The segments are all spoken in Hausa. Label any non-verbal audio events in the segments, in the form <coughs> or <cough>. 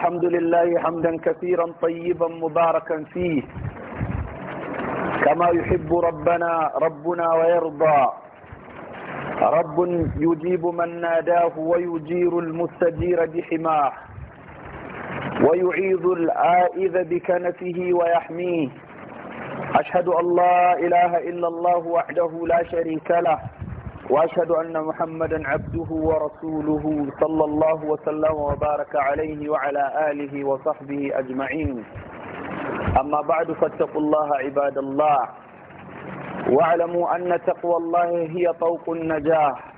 الحمد لله حمدا كثيرا طيبا مباركا فيه كما يحب ربنا ربنا ويرضى رب يجيب من ناداه ويجير المستجير بحماه ويعيذ الآئذ بكنفه ويحميه أشهد أن لا إله إلا الله وحده لا شريك له وأشهد أن محمدا عبده ورسوله صلى الله وسلم وبارك عليه وعلى آله وصحبه أجمعين أما بعد فاتقوا الله عباد الله واعلموا أن تقوى الله هي طوق النجاح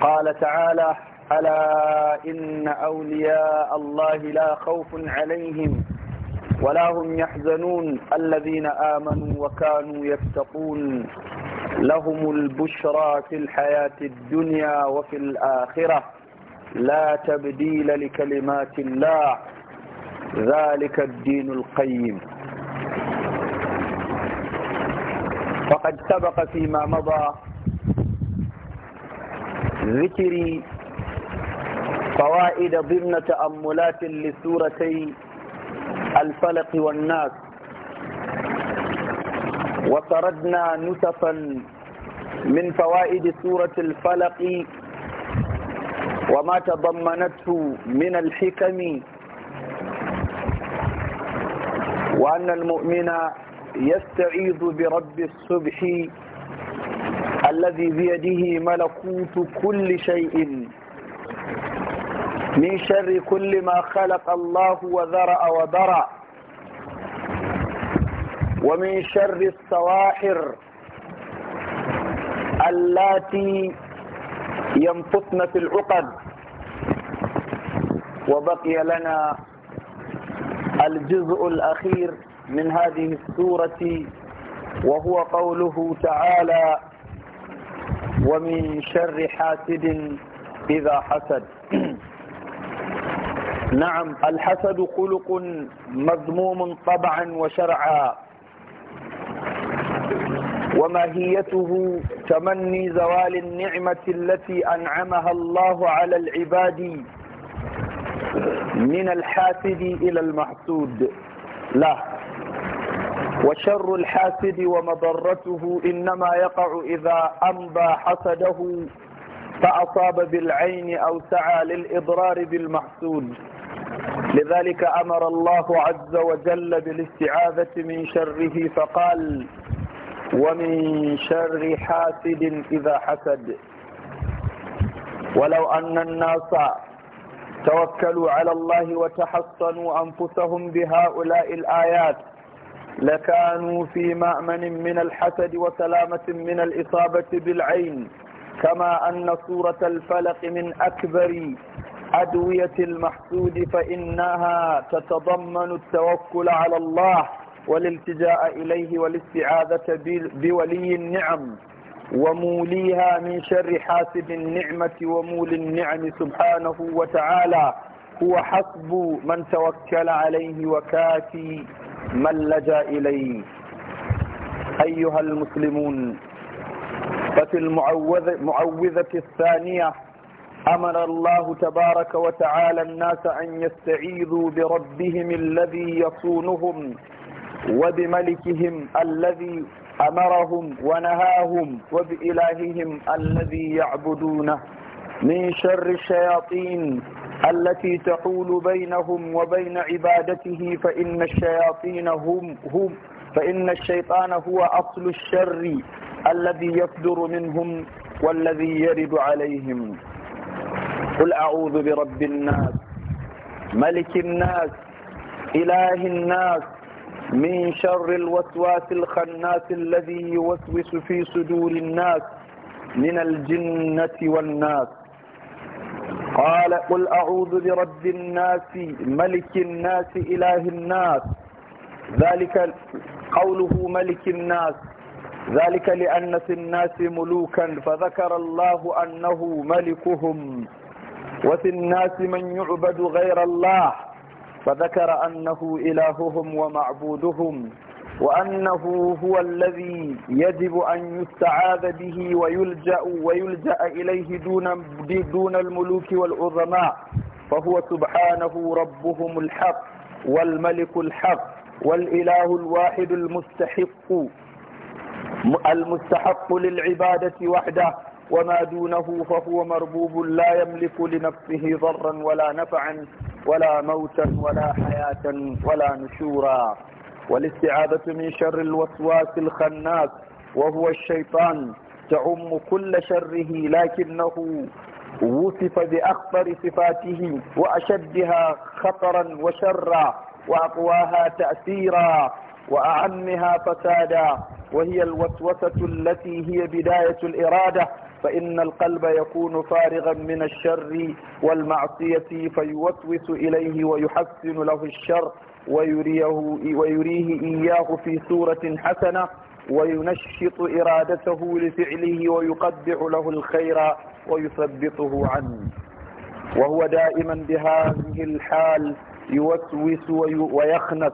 قال تعالى ألا إن أولياء الله لا خوف عليهم ولا هم يحزنون الذين آمنوا وكانوا يتقون لهم البشرى في الحياة الدنيا وفي الآخرة لا تبديل لكلمات الله ذلك الدين القيم فقد سبق فيما مضى ذكري فوائد ضمن تأملات لسورتي الفلق والناس وطردنا نسفا من فوائد سورة الفلق وما تضمنته من الحكم وأن المؤمن يستعيذ برب الصبح الذي بيده ملكوت كل شيء من شر كل ما خلق الله وذرأ وبرأ ومن شر السواحر اللاتي ينفطن في العقد وبقي لنا الجزء الأخير من هذه السورة وهو قوله تعالى ومن شر حاسد إذا حسد نعم الحسد خلق مذموم طبعا وشرعا وماهيته تمني زوال النعمة التي أنعمها الله على العباد من الحاسد إلى المحسود لا وشر الحاسد ومضرته إنما يقع إذا أنبى حسده فأصاب بالعين أو سعى للإضرار بالمحسود لذلك أمر الله عز وجل بالاستعاذة من شره فقال ومن شر حاسد إذا حسد ولو أن الناس توكلوا على الله وتحصنوا أنفسهم بهؤلاء الآيات لكانوا في مأمن من الحسد وسلامة من الإصابة بالعين كما أن سورة الفلق من أكبر أدوية المحسود فإنها تتضمن التوكل على الله والالتجاء إليه والاستعاذة بولي النعم وموليها من شر حاسب النعمة ومول النعم سبحانه وتعالى هو حسب من توكل عليه وكافي من لجأ إليه أيها المسلمون ففي المعوذة الثانية أمر الله تبارك وتعالى الناس أن يستعيذوا بربهم الذي يصونهم وبملكهم الذي أمرهم ونهاهم وبإلههم الذي يعبدونه من شر الشياطين التي تحول بينهم وبين عبادته فإن الشياطين هم هم فإن الشيطان هو أصل الشر الذي يصدر منهم والذي يرد عليهم قل أعوذ برب الناس ملك الناس إله الناس من شر الوسواس الخناس الذي يوسوس في صدور الناس من الجنة والناس قال قل أعوذ برب الناس ملك الناس إله الناس ذلك قوله ملك الناس ذلك لأن في الناس ملوكا فذكر الله أنه ملكهم وفي الناس من يعبد غير الله فذكر أنه إلههم ومعبودهم وأنه هو الذي يجب أن يستعاذ به ويلجأ ويلجأ إليه دون دون الملوك والعظماء فهو سبحانه ربهم الحق والملك الحق والإله الواحد المستحق المستحق للعبادة وحده وما دونه فهو مربوب لا يملك لنفسه ضرا ولا نفعا ولا موتا ولا حياة ولا نشورا والاستعاذة من شر الوسواس الخناس وهو الشيطان تعم كل شره لكنه وصف بأخطر صفاته وأشدها خطرا وشرا وأقواها تأثيرا وأعمها فسادا وهي الوسوسة التي هي بداية الإرادة فإن القلب يكون فارغا من الشر والمعصية فيوسوس إليه ويحسن له الشر ويريه, ويريه إياه في سورة حسنة وينشط إرادته لفعله ويقدع له الخير ويثبطه عنه وهو دائما بهذه الحال يوسوس ويخنث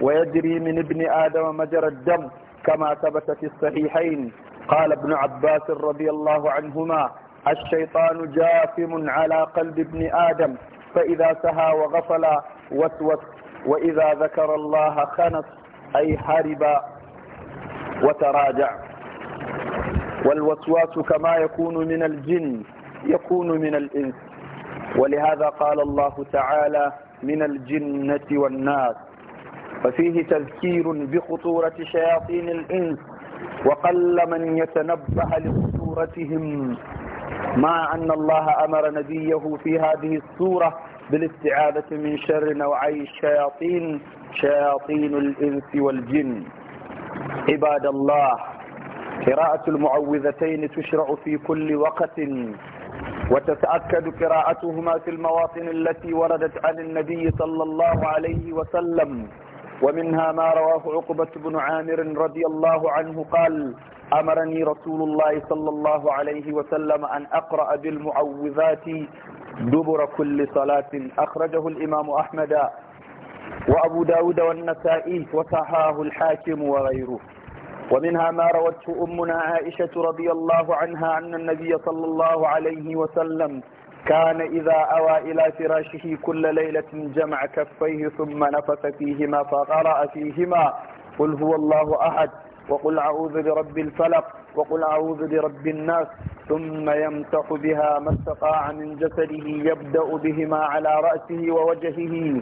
ويجري من ابن آدم مجرى الدم كما ثبت في الصحيحين قال ابن عباس رضي الله عنهما الشيطان جاثم على قلب ابن آدم فإذا سهى وغفل وسوس وإذا ذكر الله خنس أي هرب وتراجع والوسواس كما يكون من الجن يكون من الإنس ولهذا قال الله تعالى من الجنة والناس ففيه تذكير بخطورة شياطين الإنس وقل من يتنبه لخطورتهم مع أن الله أمر نبيه في هذه السورة بالاستعاذة من شر نوعي الشياطين شياطين الإنس والجن عباد الله قراءة المعوذتين تشرع في كل وقت وتتأكد قراءتهما في المواطن التي وردت عن النبي صلى الله عليه وسلم ومنها ما رواه عقبة بن عامر رضي الله عنه قال أمرني رسول الله صلى الله عليه وسلم أن أقرأ بالمعوذات دبر كل صلاة أخرجه الإمام أحمد وأبو داود والنسائي وصحاه الحاكم وغيره ومنها ما روته أمنا عائشة رضي الله عنها أن النبي صلى الله عليه وسلم كان إذا أوى إلى فراشه كل ليلة جمع كفيه ثم نفث فيهما فقرأ فيهما قل هو الله أحد وقل أعوذ برب الفلق وقل أعوذ برب الناس ثم يمسح بها ما استطاع من جسده يبدأ بهما على رأسه ووجهه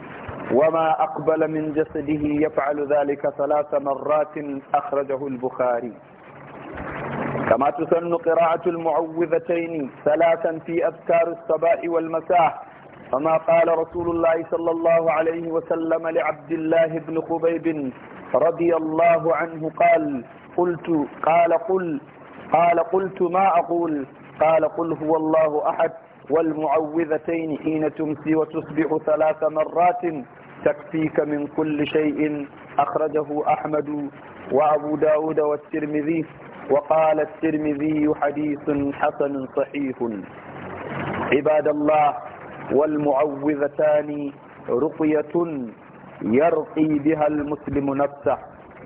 وما أقبل من جسده يفعل ذلك ثلاث مرات أخرجه البخاري كما تسن قراءة المعوذتين ثلاثا في أذكار الصباح والمساء فما قال رسول الله صلى الله عليه وسلم لعبد الله بن خبيب رضي الله عنه قال قلت قال قل قال قلت ما أقول قال قل هو الله أحد والمعوذتين حين تمسي وتصبح ثلاث مرات تكفيك من كل شيء أخرجه أحمد وأبو داود والترمذي وقال الترمذي حديث حسن صحيح عباد الله والمعوذتان رقية يرقي بها المسلم نفسه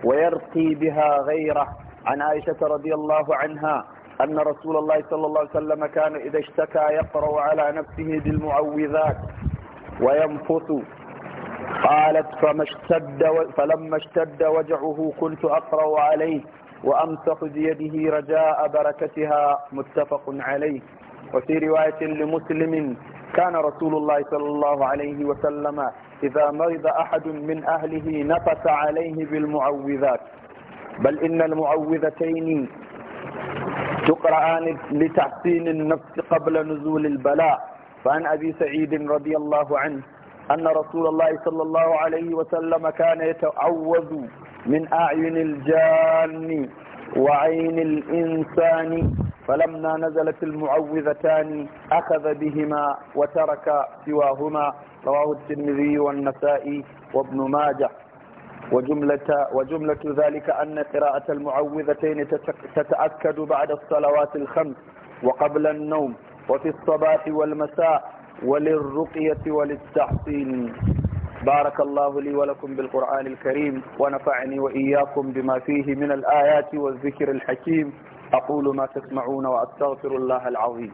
ويرقي بها غيره عن عائشة رضي الله عنها أن رسول الله صلى الله عليه وسلم كان إذا اشتكى يقرأ على نفسه بالمعوذات وينفث قالت فما اشتد فلما اشتد وجعه كنت أقرأ عليه وأمسخ بيده رجاء بركتها متفق عليه وفي رواية لمسلم كان رسول الله صلى الله عليه وسلم إذا مرض أحد من أهله نفس عليه بالمعوذات بل إن المعوذتين تقرآن لتحسين النفس قبل نزول البلاء فعن أبي سعيد رضي الله عنه أن رسول الله صلى الله عليه وسلم كان يتعوذ من أعين الجان وعين الإنسان فلما نزلت المعوذتان أخذ بهما وترك سواهما رواه الترمذي والنسائي وابن ماجه وجملة, وجملة ذلك أن قراءة المعوذتين تتأكد بعد الصلوات الخمس وقبل النوم وفي الصباح والمساء وللرقية وللتحصين بارك الله لي ولكم بالقرآن الكريم ونفعني وإياكم بما فيه من الآيات والذكر الحكيم أقول ما تسمعون وأستغفر الله العظيم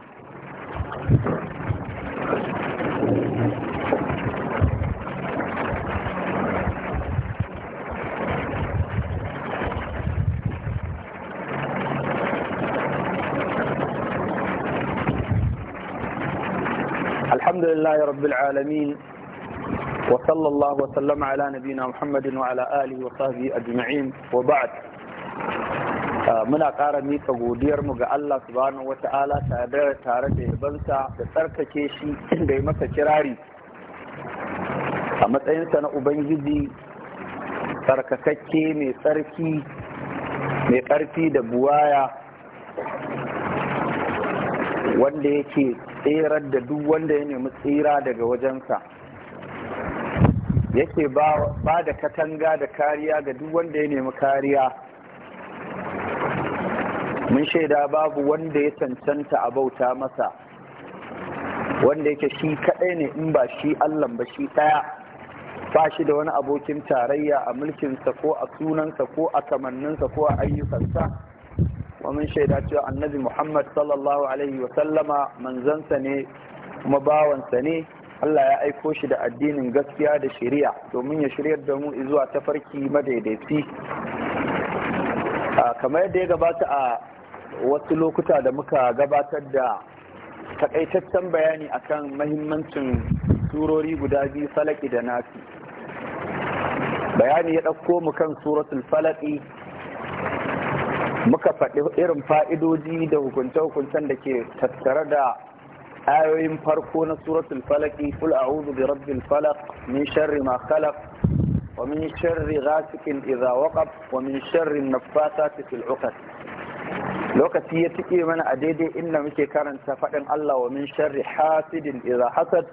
الحمد لله رب العالمين وصلى الله وسلم على نبينا محمد وعلى آله وصحبه أجمعين وبعد muna ƙara miƙa godiyarmu ga Allah subhanahu wa ta'ala tare tare da yabansa da tsarkake shi <coughs> da ya masa kirari a matsayinsa na Ubangiji tsarkakakke mai tsarki mai ƙarfi da buwaya wanda yake tserar da duk wanda ya nemi tsira daga wajensa. yake ba da katanga da kariya ga duk wanda ya nemi kariya mun shaida babu wanda ya cancanta a bauta masa wanda yake shi kaɗai ne in ba shi allan ba shi ɗaya ba shi da wani abokin tarayya a mulkinsa ko a sunansa ko a kamanninsa ko a ayyukansa mun shaida cewa annabi Muhammad sallallahu alaihi wa manzansa ne kuma bawansa ne Allah ya aiko shi da addinin gaskiya da shari'a domin ya shiryar da mu zuwa tafarki madaidaici kamar yadda ya gabata a wasu lokuta da muka gabatar da takaitaccen bayani akan mahimmancin surori guda biyu falaki da nasi bayani ya ɗauko mu kan suratul falaki muka faɗi irin fa'idoji da hukunce-hukuncen da ke tattare da ayoyin farko na suratul falaki kul a'udhu bi rabbil falaq min sharri ma khalaq wa min sharri ghasikin idha waqab wa min sharri nafathati fil 'uqad lokaci ya tike mana a daidai inda muke karanta fadin Allah wa min sharri hasidin idha hasad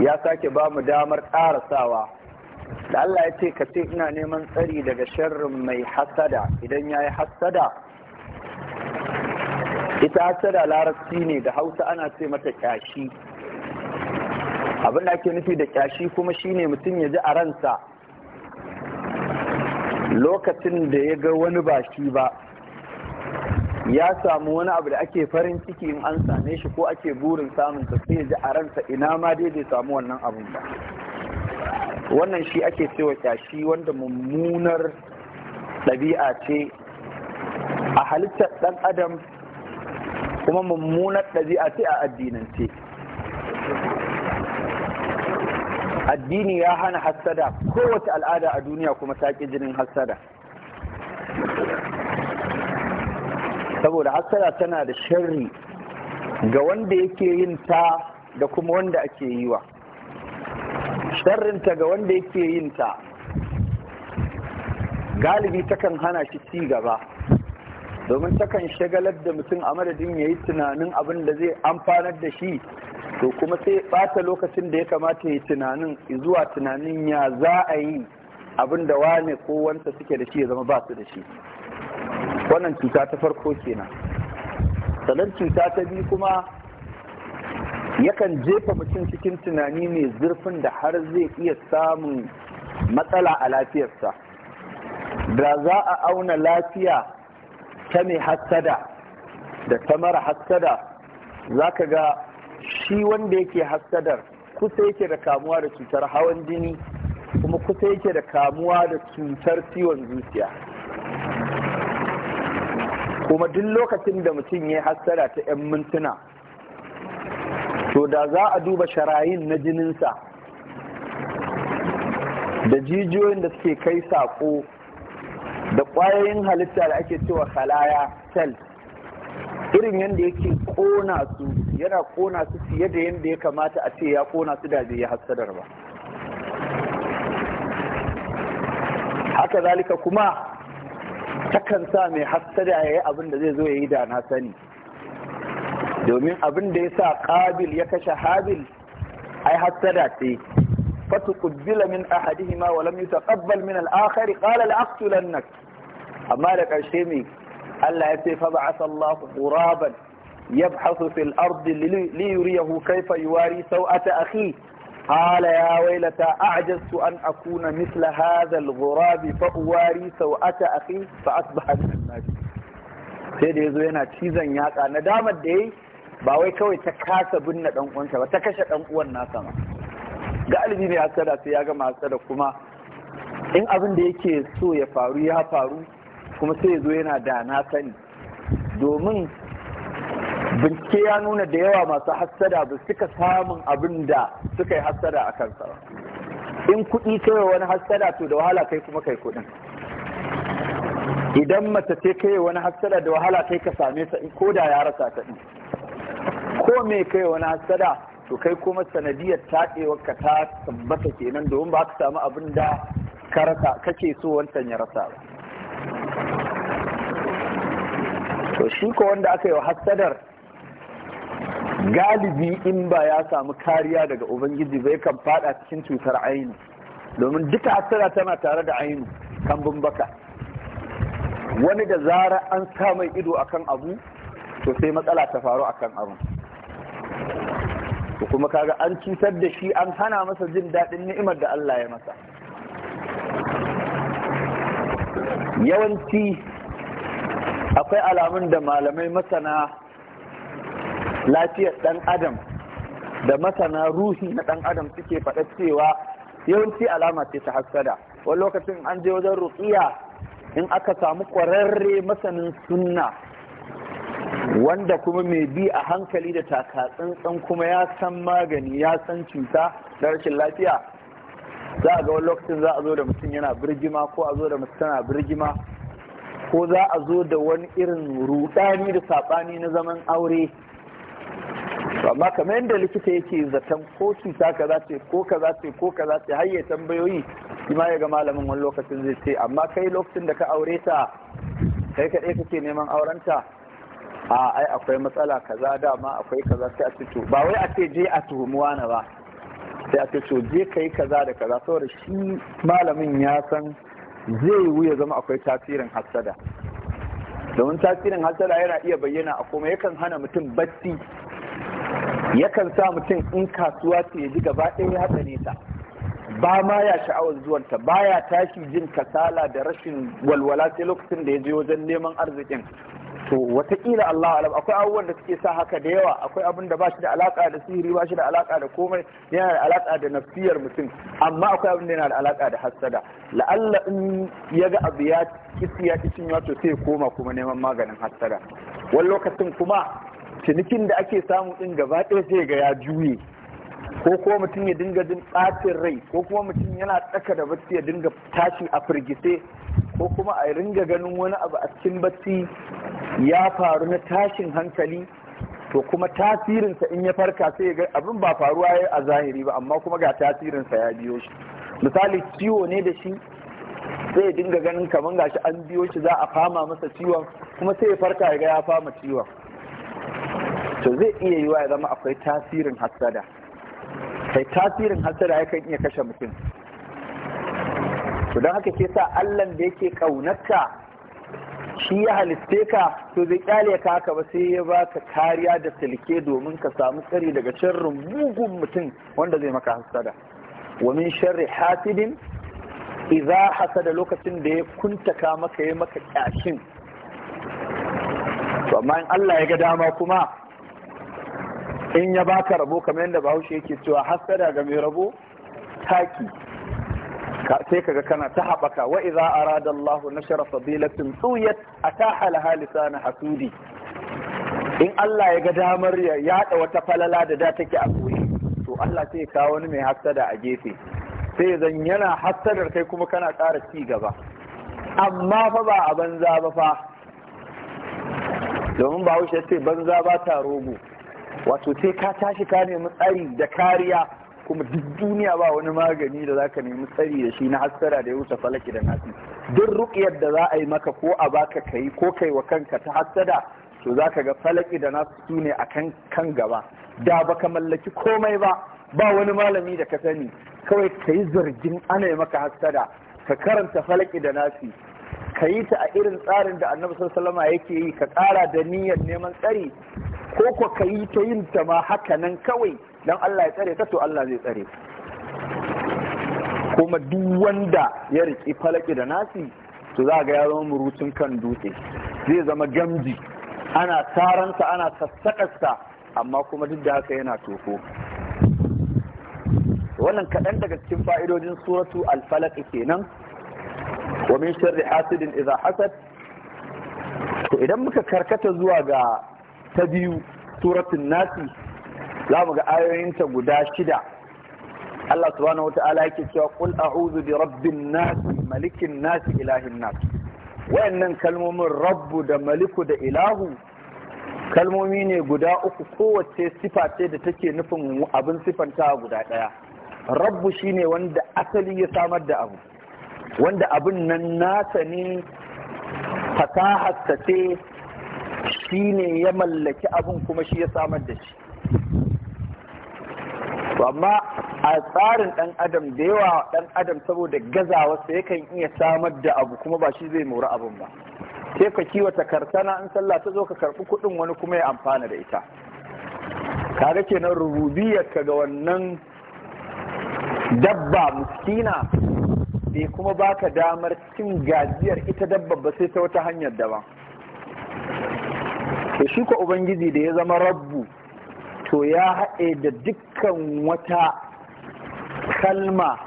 ya sake ba mu damar karasawa da Allah ya ce ka ce ina neman tsari daga sharrin mai hasada idan yayi hasada ita da larabci ne da hausa ana ce mata kyashi abin da ake nufi da kyashi kuma shine mutum ya ji a ransa lokacin da ya ga wani ba shi ba ya samu wani abu da ake farin ciki in an same shi ko ake burin samun ta sai ya ji a ransa ina ma dai zai samu wannan abun ba wannan shi ake cewa kyashi wanda mummunar ɗabi'a ce a halittar ɗan adam kuma mummunar ɗabi'a ce a addinance addini ya hana hassada kowace al'ada a duniya kuma ta jinin hassada saboda hassada tana da sharri ga wanda yake yin ta da kuma wanda ake yi wa sharrinta ga wanda yake yin ta galibi takan hana shi ci gaba domin takan shagalar da mutum a madadin ya yi tunanin abin da zai amfanar da shi to kuma sai bata lokacin da ya kamata ya tunanin zuwa tunanin ya za a yi abin da wane ko wanta suke da shi ya zama ba su da shi wannan cuta ta farko kenan sannan cuta ta biyu kuma yakan jefa mutum cikin tunani mai zurfin da har zai iya samun matsala a lafiyarsa da za a auna lafiya ta mai hassada da ta mara hassada za ka ga shi wanda yake hassadar kusa yake da kamuwa da cutar hawan jini kuma kusa yake da kamuwa da cutar ciwon zuciya kuma duk lokacin da mutum ya yi hassada ta 'yan mintuna to da za a duba sharayin na jininsa da jijiyoyin da suke kai saƙo da kwayoyin halitta da ake cewa halaya cell irin yadda yake kona su yana kona su fiye da yadda ya kamata a ce ya kona su da bai hassadar ba haka zalika kuma takan sa mai hassada ya yi abin da zai zo ya yi da na sani domin abin da ya sa ƙabil ya kashe habil ai hassada ce fatu kubbila min ahadihima wa lam yutaqabbal min al-akhari qala al amma da ƙarshe mai Allah ya ce fa ba ba'atha Allahu quraban yabhasu fil ardi ya yuriyahu kayfa yuwari saw'ata akhi قال يا ويلتى أعجزت أن أكون مثل هذا الغراب فأواري سوءة أخي ba من الناس sai da yazo yana cizon yatsa na damar da ya ba wai kawai ta kasa binne dan uwansa ba ta kashe dan uwan nasa ma galibi mai hasada sai ya gama hasada kuma in abin da yake so ya faru ya faru kuma sai zo yana da na sani domin bincike ya nuna da yawa masu hassada ba suka samun abin da suka yi hassada a kansa ba in kuɗi kai wani hassada to da wahala kai kuma kai kuɗin idan mace ce kai wani hassada da wahala kai ka same ta ko da ya rasa ta ɗin ko me kai wani hassada to kai kuma sanadiyar taɗewar ka ta tabbata kenan domin ba ka samu abin da ka rasa kake so wancan ya rasa ba to ko wanda aka yi wa hassadar galibi in ba ya samu kariya daga ubangiji bai kan fada cikin cutar ainu domin duka hassada tana tare da ainu kan bumbaka. wani da zara an sa mai ido akan abu to sai matsala ta faru akan abu to kuma kaga an cutar da shi an hana masa jin daɗin ni'imar da Allah ya masa yawanci akwai alamun da malamai masana lafiyar ɗan adam da masana ruhi na ɗan adam suke faɗa cewa yawanci alama ce ta hassada wani lokacin an je wajen ruqiya in aka samu ƙwararre masanin sunna wanda kuma mai bi a hankali da taka tsantsan kuma ya san magani ya san cuta da rashin lafiya za a ga wani lokacin za a zo da mutum yana birgima ko a zo da mutum tana birgima ko za a zo da wani irin rudani da saɓani na zaman aure amma kamar yadda likita yake zaton ko cuta za ce ko za ce ko za ce har ya tambayoyi kuma ya ga malamin wani lokacin zai ce amma kai lokacin da ka aure ta kai kaɗai kake neman aurenta a ai akwai matsala kaza dama akwai kaza sai a ba wai a ce je a tuhumuwa na ba sai a ce to je kai kaza da kaza saboda shi malamin ya san zai yiwu ya zama akwai tasirin hasada domin tasirin hassada yana iya bayyana a kuma yakan hana mutum bacci yakan sa mutum in kasuwa ce ya gaba ɗaya ya hatsare nesa, ba ma ya sha'awar zuwanta ba ya tashi jin kasala da rashin walwala sai lokacin da ya je wajen neman arzikin to watakila Allah alam akwai abubuwan da suke sa haka da yawa akwai abin da bashi da alaka da sihiri bashi da alaka da komai yana da alaka da nafsiyar mutum amma akwai abin da yana da alaka da hassada la'alla in ya ga abu ya kisi ya to sai koma kuma neman maganin hassada wani lokacin kuma cinikin da ake samu din gaba ɗaya sai ga ya juye ko kuma mutum ya dinga jin ɓacin rai ko kuma mutum yana tsaka da bacci ya dinga tashi a firgice ko kuma a ringa ganin wani abu a cikin bacci ya faru na tashin hankali to kuma tasirinsa in ya farka sai ga abin ba faruwa ya a zahiri ba amma kuma ga tasirinsa ya biyo shi misali ciwo ne da shi sai ya dinga ganin kamar ga shi an biyo shi za a fama masa ciwon kuma sai ya farka ya ga ya fama ciwon to zai iya yiwa ya zama akwai tasirin hasada kai tasirin hassada yakan iya kashe mutum to don haka ke sa allan da yake kaunarka shi ya halitte ka to zai kyale ka haka ba sai ya baka kariya da silke domin ka samu tsari daga sharrin mugun mutum wanda zai maka hasada wa min sharri hasidin idza hasada lokacin da ya kuntaka maka yi maka kyashin to amma in Allah ya ga dama kuma in ya baka rabo kamar yadda Bahaushe yake cewa hasada ga mai rabo taki sai kaga kana ta haɓaka wa idza arada Allah nashara fadilatin suyat ataha laha lisana hasudi in Allah ya ga damar ya yada wata falala da da take a koyi to Allah sai kawo wani mai hasada a gefe sai zan yana hasadar kai kuma kana ƙara ci gaba amma fa ba a banza ba fa domin ba wuce ce banza ba ta rogo wato sai ka tashi ka nemi tsari da kariya kuma duk duniya ba wani magani da zaka nemi tsari da shi na hassara da ya wuce falaki da nasi duk ruqyar da za a yi maka ko a baka kai ko kai wa kanka ta hassada to zaka ga falaki da nasi su ne akan kan gaba da baka mallaki komai ba ba wani malami da ka sani kawai kai zargin ana yi maka hassada ka karanta falaki da nasi ka yi ta a irin tsarin da annabi sallama yake yi ka ƙara da niyyar neman tsari ko ko ka yi ta yin ta ma haka nan kawai dan Allah ya tsare ka to Allah zai tsare kuma duk wanda ya riki falaki da nasi to za ga ya zama murutun kan dutse zai zama gamji ana taransa ana sassaƙarsa amma kuma duk da haka yana toko. wannan kaɗan daga cikin fa'idojin suratu alfalak kenan wa min sharri hasidin idza hasad to idan muka karkata zuwa ga ta biyu suratun nasi za mu ga ayoyinta guda shida Allah subhanahu ala yake cewa qul a'udhu bi rabbin nas malikin nas ilahin nas wayannan kalmomin rabbu da maliku da ilahu kalmomi ne guda uku kowace sifa da take nufin abin sifanta guda ɗaya rabbu shine wanda asali ya samar da abu wanda abin nan nasa ne ta ce shi ne ya mallaki abin kuma shi ya samar da shi to amma a tsarin dan adam da yawa dan adam saboda gazawarsa yakan iya samar da abu kuma ba shi zai mori abun ba sai ka kiwata karsana in sallah ta zo ka karbi kudin wani kuma ya amfana da ita kaga kenan rububiyar ka ga wannan dabba muskina bai kuma baka damar cin gajiyar ita dabba ba sai ta wata hanyar daban to shi ko ubangiji da ya zama rabbu to ya haɗe da duk dukkan wata kalma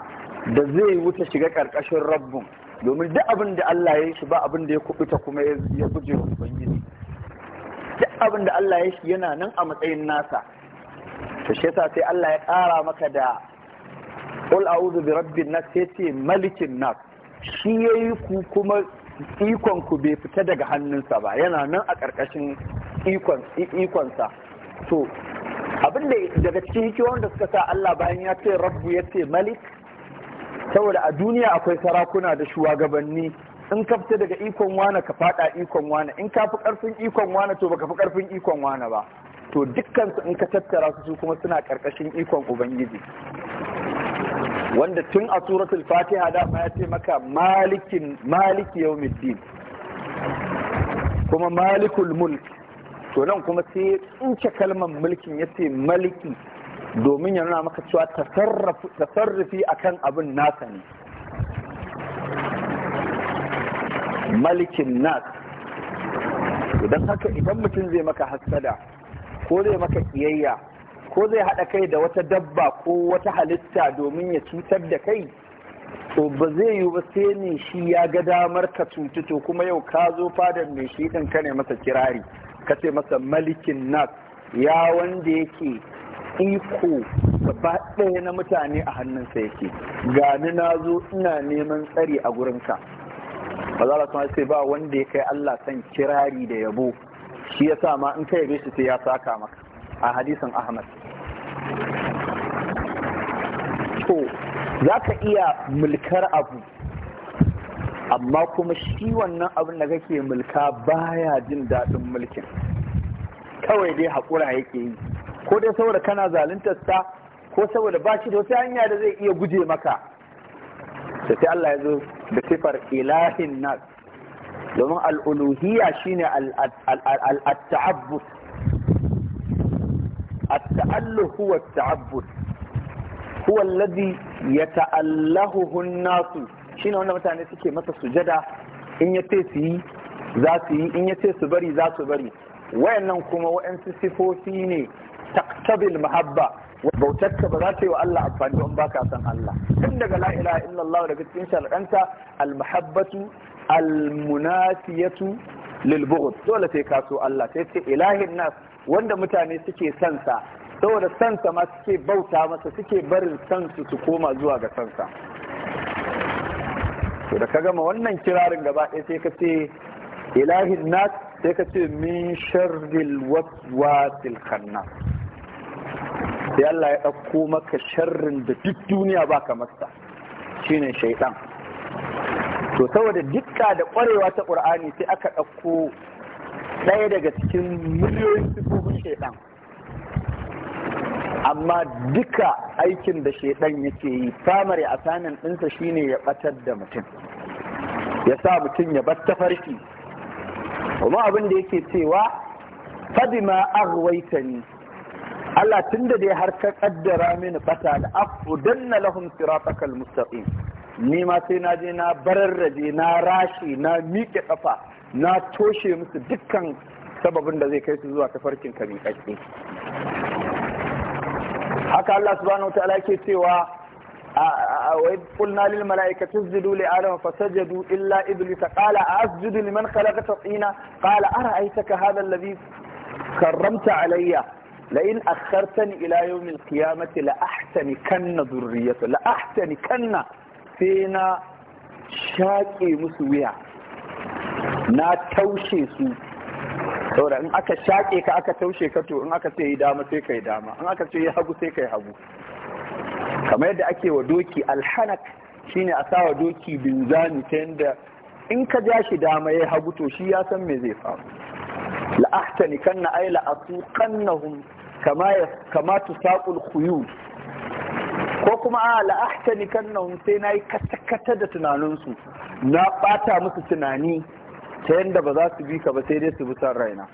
da zai wuce shiga ƙarƙashin rabbin domin duk abin da Allah ya yi shi ba abin da ya kubuta kuma ya guje wa ubangiji duk abin da Allah ya shi yana nan a matsayin nasa to shi yasa sai Allah ya ƙara maka da qul a'udhu bi rabbin nas sai ce malikin nas shi yayi ku kuma ikon ku bai fita daga hannunsa ba yana nan a ƙarƙashin ikon ikonsa to abin da daga cikin hikiyoyin wanda suka sa Allah bayan ya ce rabbu ya ce malik saboda a duniya akwai sarakuna da shugabanni in ka fita daga ikon wana ka fada ikon wana, in ka fi karfin ikon wane to baka fi karfin ikon wane ba to dukkansu in ka tattara su su kuma suna karkashin ikon ubangiji wanda tun a suratul fatiha da ma ya ce maka malikin maliki yawmiddin kuma malikul mulk to nan kuma sai ya tsince kalmar mulkin ya ce maliki domin ya nuna maka cewa tasarrufi akan abin nasa ne malikin nas idan haka idan mutum zai maka hassada ko zai maka kiyayya ko zai haɗa kai da wata dabba ko wata halitta domin ya cutar da kai to ba zai yi ba sai ne shi ya ga damar ka cutu to kuma yau ka zo fadar mai shi ɗin ka ne masa kirari ka ce masa malikin nas ya wanda yake iko gaba ɗaya na mutane a hannunsa yake gani na zo ina neman tsari a gurinka ba za kuma sai ba wanda ya kai Allah san kirari da yabo shi ya sa ma in ka yabe shi sai ya saka maka a hadisin Ahmad to za ka iya mulkar abu amma kuma shi wannan abin da kake mulka baya jin daɗin mulkin kawai dai haƙura yake yi ko dai saboda kana zaluntar ta ko saboda ba shi da wata hanya da zai iya guje maka da sai Allah ya zo da sifar ilahin nas domin al'uluhiyya shine al-ta'abbud التأله هو huwa alladhi yata'allahu an الناس shine wanda mutane suke masa sujada in ya ce su yi za su yi in ya ce su bari za su bari wayannan kuma wayansu sifofi ne taktabil mahabba bautarka ba za ta yi wa Allah amfani ba ka san Allah tun daga la ilaha illallah daga cikin shar'anta almahabbatu almunasiyatu lil dole sai ka so Allah sai ce ilahin nas wanda mutane suke sansa, saboda sansa ma suke bauta masa suke barin sansu su koma zuwa ga sansa. to da ka gama wannan kirarin gaba ɗaya sai ka ce ilahin nas sai ka ce min sharril waswasil khannas sai Allah ya ɗauko maka sharrin da duk duniya ba ka masa shine shaidan to saboda dukka da ƙwarewa ta ƙur'ani sai aka ɗauko ɗaya daga cikin miliyoyin sifofin shaidan amma duka aikin da shaidan yake yi a sanin ɗinsa shine ya ɓatar da mutum ya sa mutum ya bar tafarki kuma abin da yake cewa fadima aghwaita ni Allah tun da dai har ka kaddara mini bata da afudanna lahum siratakal mustaqim ni ma sai na je na bararraje na rashi na miƙe kafa na toshe musu dukkan sababin da zai kai su zuwa tafarkin ka miƙaƙƙe حكى الله سبحانه وتعالى كتوى وإذ قلنا للملائكة اسجدوا لآدم فسجدوا إلا إبليس قال أسجد لمن خلق تطعينا قال أرأيتك هذا الذي كرمت علي لئن أخرتني إلى يوم القيامة لأحتنكن ذرية لأحتنكن فينا شاكي مسويا نا توشي سوء saboda in aka shaƙe ka aka taushe ka to in aka ce yi dama sai ka yi dama in aka ce yi hagu sai ka yi hagu kamar yadda ake wa doki alhanak shine a sawa doki binzani ta yadda in ka ja shi dama ya hagu to shi ya san me zai faru la'ahtani kanna ay la'asuqannahum kama kama saƙul khuyul ko kuma a la'ahtani kannahum sai nayi katakata da tunaninsu na bata musu tunani ta yadda ba za su bi ka ba sai dai su bi san raina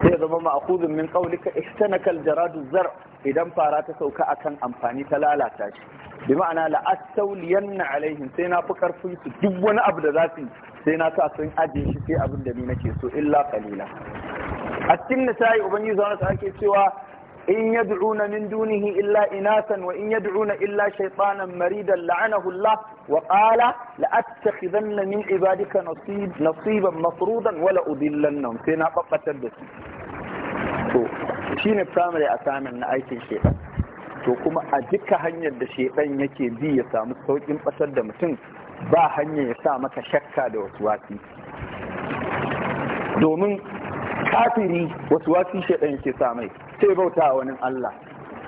sai ya zama ma'akudun min qaulika istanakal jaradu zar idan fara ta sauka akan amfani ta lalata shi bi ma'ana la astawliyanna alaihim sai na fi karfin su duk wani abu da za su sai na sa sun aje shi sai abin da ni nake so illa kalila a cikin nisa'i ubangiji zauna ta ake cewa in yad'una min dunihi illa inasan wa in yad'una illa shaytanan maridan la'anahu Allah wa qala la'attakhidanna min ibadika nasib nasiban mafrudan wala udillannahum sai na babbatar da su to shine primary assignment na aikin shaytan to kuma a duka hanyar da shaytan yake bi ya samu saukin batar da mutum ba hanya ya sa maka shakka da wasi, domin kafiri wasi shaidan yake sa mai sai bauta wani Allah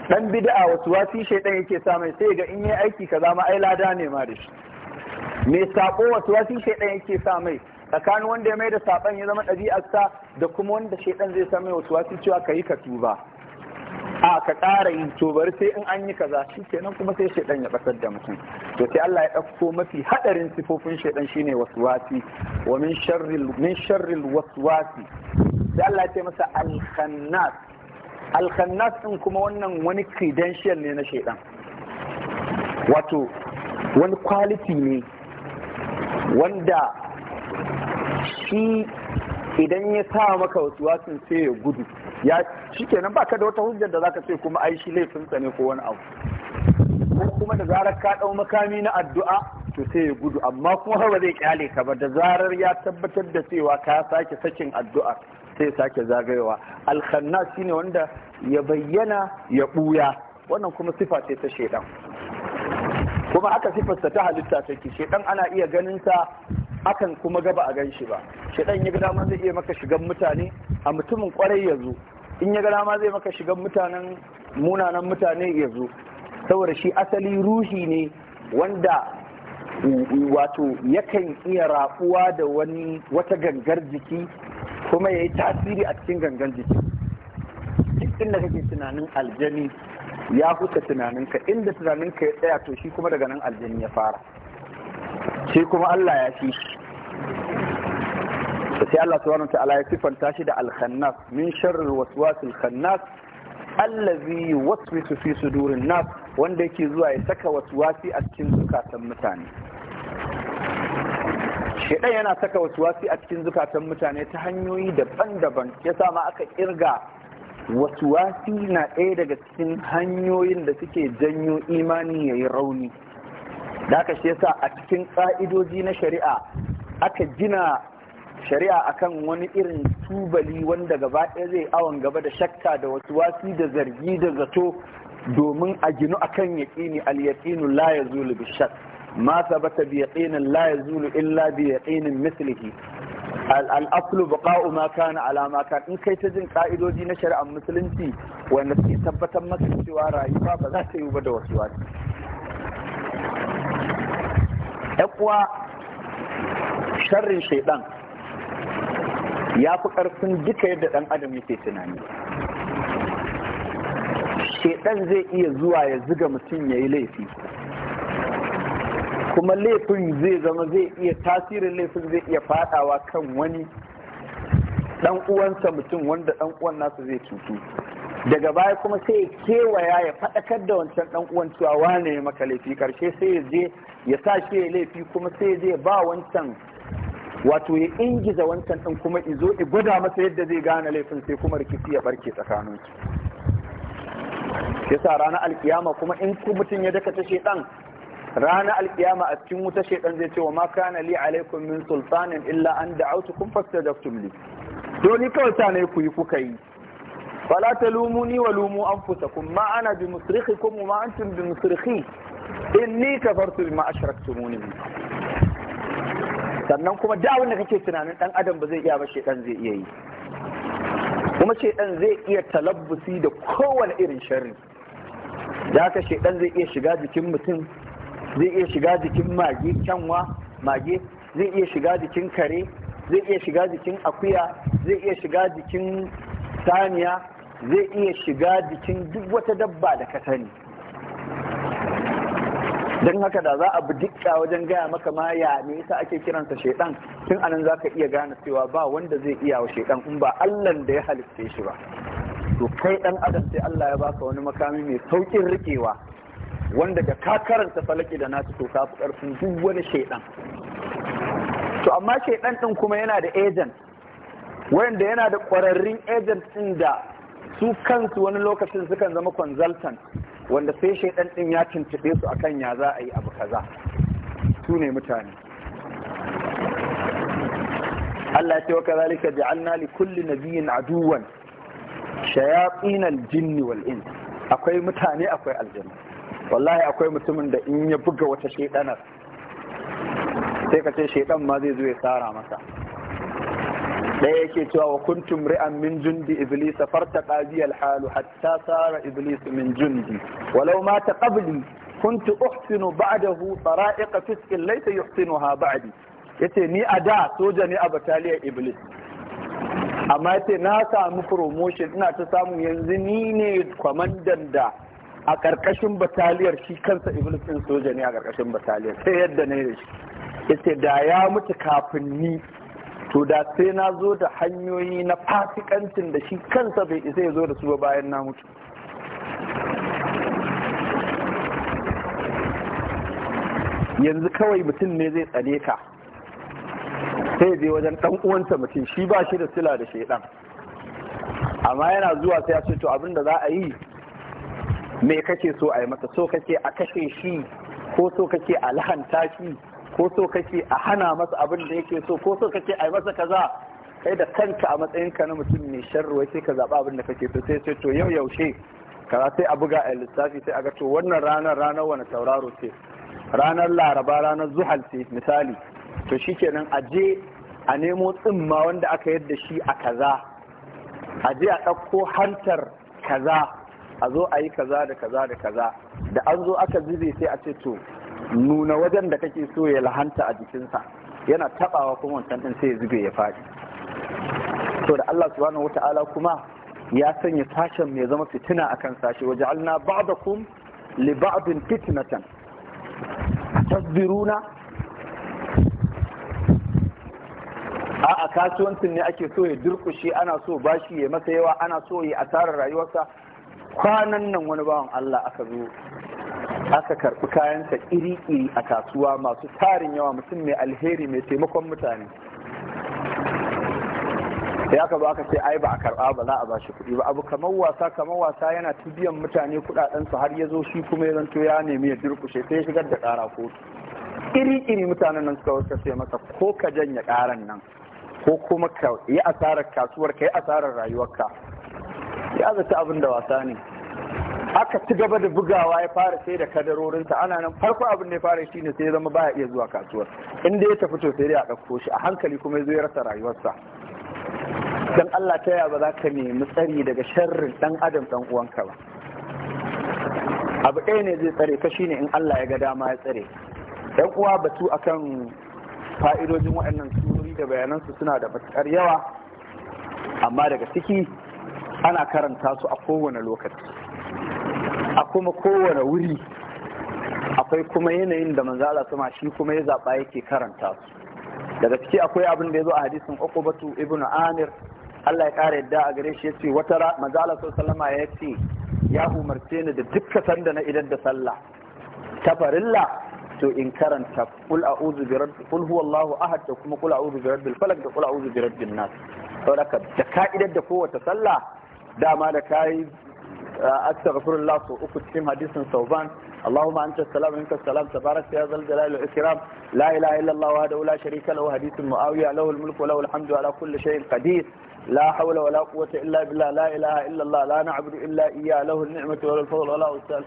dan bid'a wasu wasi shaidan yake sa mai sai ga in yi aiki kaza ma ai lada ne ma da shi me sako wasu wasi shaidan yake sa mai tsakanin wanda ya mai da saban ya zama sa da kuma wanda shaidan zai sa mai wasu wasi cewa ka yi ka tuba a ka ƙara yin to bari sai in an yi kaza shi kenan kuma sai shaidan ya ɓasar da mutum to sai Allah ya ɗauko mafi haɗarin sifofin shaidan shine wasi wa min sharri min wasi sai Allah ya ce masa al alkhannas ɗin kuma wannan wani credential ne na shaidan wato wani quality ne wanda shi idan ya sa maka wasu wasin sai ya gudu ya shikenan baka da wata hujjar da zaka ce kuma ai shi laifinsa ne ko wani abu ko kuma da zarar ka ɗau makami na addu'a to sai ya gudu amma kuma ba zai kyale ka ba da zarar ya tabbatar da cewa ka sake sakin addu'a sai sake zagayowa alkhanna shine wanda ya bayyana ya buya wannan kuma sifa ce ta shedan kuma aka sifarsa ta halitta take shedan ana iya ganin sa akan kuma gaba a gan shi ba shedan ya ga dama zai iya maka shigan mutane a mutumin kwarai ya in ya ga dama zai maka shigan mutanen munanan mutane ya zo saboda shi asali ruhi ne wanda wato yakan iya rafuwa da wani wata gangar jiki kuma ya yi tasiri a cikin gangar jiki duk inda kake tunanin aljani ya huta tunaninka inda tunaninka ya tsaya to shi kuma daga nan aljani ya fara shi kuma Allah ya fi sai Allah subhanahu wa ta'ala ya sifanta shi da al-khannas min sharri waswasil khannas allazi yuwaswisu fi sudurin nas wanda yake zuwa ya saka wasu wasi a cikin zukatan mutane shaidan yana saka wasu wasi a cikin zukatan mutane ta hanyoyi daban-daban ya sama aka kirga wasu wasi na ɗaya daga cikin hanyoyin da suke janyo imani ya yi rauni da aka shi yasa a cikin ƙa'idoji na shari'a aka gina shari'a akan wani irin tubali wanda gaba ɗaya zai awon gaba da shakka da wasu wasi da zargi da zato domin a ginu akan yaƙini al yaƙinu la Zulu bi shakk ma thabata bi yaqinin la Zulu illa bi yaqinin mislihi al'aslu baqa'u ma kana ala ma in kai ta jin ƙa'idodi na shari'ar musulunci wanda suke tabbatar maka cewa rayuwa ba za ta yi ba da wasuwaci uwa sharrin shaidan ya fi ƙarfin duka yadda ɗan adam yake tunani shedan zai iya zuwa ya ziga mutum ya yi laifi kuma laifin zai zama zai iya tasirin laifin zai iya fadawa kan wani dan uwansa mutum wanda dan uwan nasa zai cutu daga baya kuma sai ya kewaya ya faɗakar da wancan dan uwan cewa wane ya maka laifi karshe sai ya je ya sa shi ya laifi kuma sai ya je ba wancan wato ya ingiza wancan din kuma izo i gwada masa yadda zai gane laifin sai kuma rikici ya barke tsakaninsu yasa ranar alkiyama kuma in ku mutum ya daka ta shedan ranar alkiyama a cikin wuta shedan zai ce wa ma kana li alaikum min sultanin illa an fasta da tumli to ni kawai ta ne ku yi kuka yi fala ni wa lumu an kun ma ana bi kun ma antum bi musrikhi bi kafartu bima ashraktumuni sannan kuma da abin da kake tunanin dan adam ba zai iya ba shedan zai iya yi kuma shedan zai iya talabbusi da kowane irin sharri da haka shaidan zai iya shiga jikin mutum zai iya shiga jikin mage kyanwa mage zai iya shiga jikin kare zai iya shiga jikin akuya zai iya shiga jikin saniya zai iya shiga jikin duk wata dabba da ka sani don haka da za a bi wajen gaya maka ma ya me yasa ake kiransa shaidan tun anan za ka iya gane cewa ba wanda zai iya wa shaidan in ba allon da ya halitta shi ba to kai dan adam sai Allah ya baka wani makami mai saukin rikewa wanda da ka karanta falaki da nasu to ka fi karfin duk wani shaidan to amma shaidan ɗin kuma yana da agent wanda yana da kwararrun agent din da su kansu wani lokacin sukan zama consultant wanda sai shaidan ɗin ya tuntube su akan ya za a yi abu kaza su ne mutane Allah ya ce wa kazalika ja'alna li kulli nabiyyin aduwan shayatin aljinni wal ins akwai mutane akwai aljanna wallahi akwai mutumin da in ya buga wata shaidanar sai ka ce shaidan ma zai zo ya tsara masa da yake cewa wa kuntum ri'an min jundi iblis farta qadi al hatta sara iblis min jundi walau ma ta qabli kuntu uhsinu ba'dahu tara'iq fisq laysa yuhsinuha ba'di yace ni a da soja ne a bataliyar iblis amma ce na samu promotion ina ta samu yanzu ni ne kwamandan da a ƙarƙashin bataliyar shi kansa iblis ɗin soja ne a ƙarƙashin bataliyar sai yadda na yi shi yace da ya mutu kafin ni to da sai na zo da hanyoyi na fasikancin da shi kansa bai isa ya zo da su ba bayan na mutu yanzu kawai mutum ne zai tsane ka sai je wajen dan uwansa mutum shi ba shi da sila da shaidan amma yana zuwa sai ya ce to abin da za a yi me kake so a yi masa so kake a kashe shi ko so kake a lahanta shi ko so kake a hana masa abin da yake so ko so kake a yi masa kaza kai da kanka a matsayinka na mutum mai sharruwa sai ka zaɓa abin da kake so sai ce to yau yaushe kaza sai a buga a lissafi sai a ga to wannan ranar ranar wani tauraro ce ranar laraba ranar zuhal ce misali to shikenan a je a nemo tsimma wanda aka yadda shi a kaza a je a ɗauko hantar kaza a zo a yi kaza da kaza da kaza da an zo aka zube sai a ce to nuna wajen da kake so ya lahanta a jikinsa yana taɓawa kuma wancan ɗin sai ya zube ya faɗi to da Allah subhanahu wata'ala kuma ya sanya sashen mai zama fitina akan sashe waje alna ba'dakum li ba'din fitnatan tasbiruna kasuwancin ne ake so ya durkushe ana so bashi ya masa yawa ana so ya asarar rayuwarsa kwanan nan wani bawan Allah aka zo aka karɓi kayansa iri-iri a kasuwa masu tarin yawa mutum mai alheri mai taimakon mutane Ya ka ba ka ce ai ba a karɓa ba za a ba shi kuɗi ba abu kamar wasa kamar wasa yana ta biyan mutane kuɗaɗensu har ya zo shi kuma ya zanto ya nemi ya durkushe sai ya shigar da ƙara kotu iri-iri mutanen nan suka wasu sai masa ko ka janye ƙaran nan ko kuma ka yi asarar kasuwar ka yi asarar rayuwarka ya zata abin da wasa ne aka ci gaba da bugawa ya fara sai da kadarorinsa ana nan farko abin da ya fara shi ne sai ya zama baya iya zuwa kasuwar inda ya tafi to sai dai a ɗauko shi a hankali kuma ya zo ya rasa rayuwarsa dan Allah ta yaya ba za ka nemi tsari daga sharrin dan adam dan uwanka ba abu ɗaya ne zai tsare ka shine in Allah ya ga dama ya tsare dan uwa batu akan fa'idojin waɗannan su da bayanansu suna da matuƙar yawa amma daga ciki ana karanta su a kowane lokaci a kuma kowane wuri akwai kuma yanayin da manzala su shi kuma ya zaɓa yake karanta su daga ciki akwai abin da ya zo a hadisin ukubatu ibnu amir Allah ya ƙara yadda a gare shi ya ce wata manzala salama ya ce ya umarce ni da dukkan sanda na idan da sallah ta farilla to in karanta kul a'udhu bi rabbi kul huwallahu ahad da kuma kul a'udhu bi rabbil da kul a'udhu bi rabbin nas saboda da ka'idar da kowace sallah dama da kai astaghfirullah sau uku cikin hadisin sauban اللهم أنت السلام ومنك السلام تبارك يا ذا الجلال والإكرام لا إله إلا الله وحده لا شريك له حديث معاوية له الملك لا حول ولا قوة إلا بالله لا إله إلا الله لا نعبد إلا إياه له النعمة وله الفضل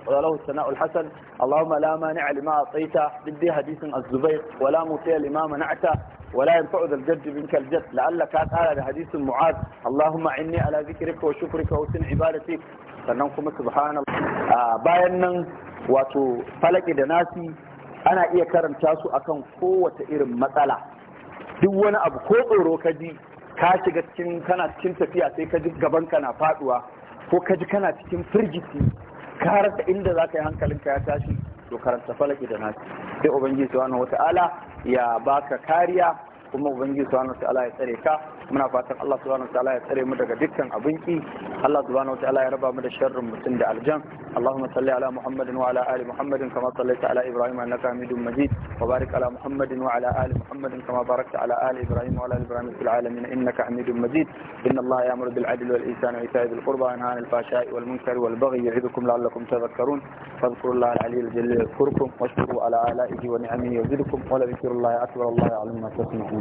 وله الثناء الحسن اللهم لا مانع لما أعطيت بدي حديث الزبير ولا مطيع لما منعته ولا ينفع ذا الجد منك الجد لعلك هذا حديث معاذ اللهم عني على ذكرك وشكرك وحسن عبادتك sannan kuma subhanallah bayan nan wato falaki da nasi ana iya karanta su akan kowace irin matsala duk wani abu ko tsoro ka ji ka shiga cikin kana cikin tafiya sai ka ji gaban kana faduwa ko ka ji kana cikin firgiti ka rasa inda za ka yi hankalinka ya tashi to karanta falaki da nasi sai ubangiji subhanahu wata'ala ya baka kariya kuma ubangiji subhanahu wataala ya tsare ta muna fatan Allah subhanahu wataala ya tsare mu daga dukkan abinki Allah subhanahu wataala ya raba mu da sharrin mutum da aljan Allahumma salli ala Muhammadin wa ala ali Muhammadin kama sallaita ala Ibrahim innaka Hamidum Majid wa barik ala Muhammadin wa ala ali Muhammadin kama barakta ala ali Ibrahim wa ala ali Ibrahim fil alamin innaka Hamidum Majid inna Allah ya'muru bil adli wal ihsani wa ita'i dhil qurba wa yanha 'anil fahsha'i wal munkari wal baghi ya'idukum la'allakum tadhakkarun fadhkuru Allah al-'aliyyil jalil yadhkurkum washkuru ala ala'ihi wa ni'amihi yazidukum wa la dhikrullahi akbar Allah ya'lamu ma tasna'un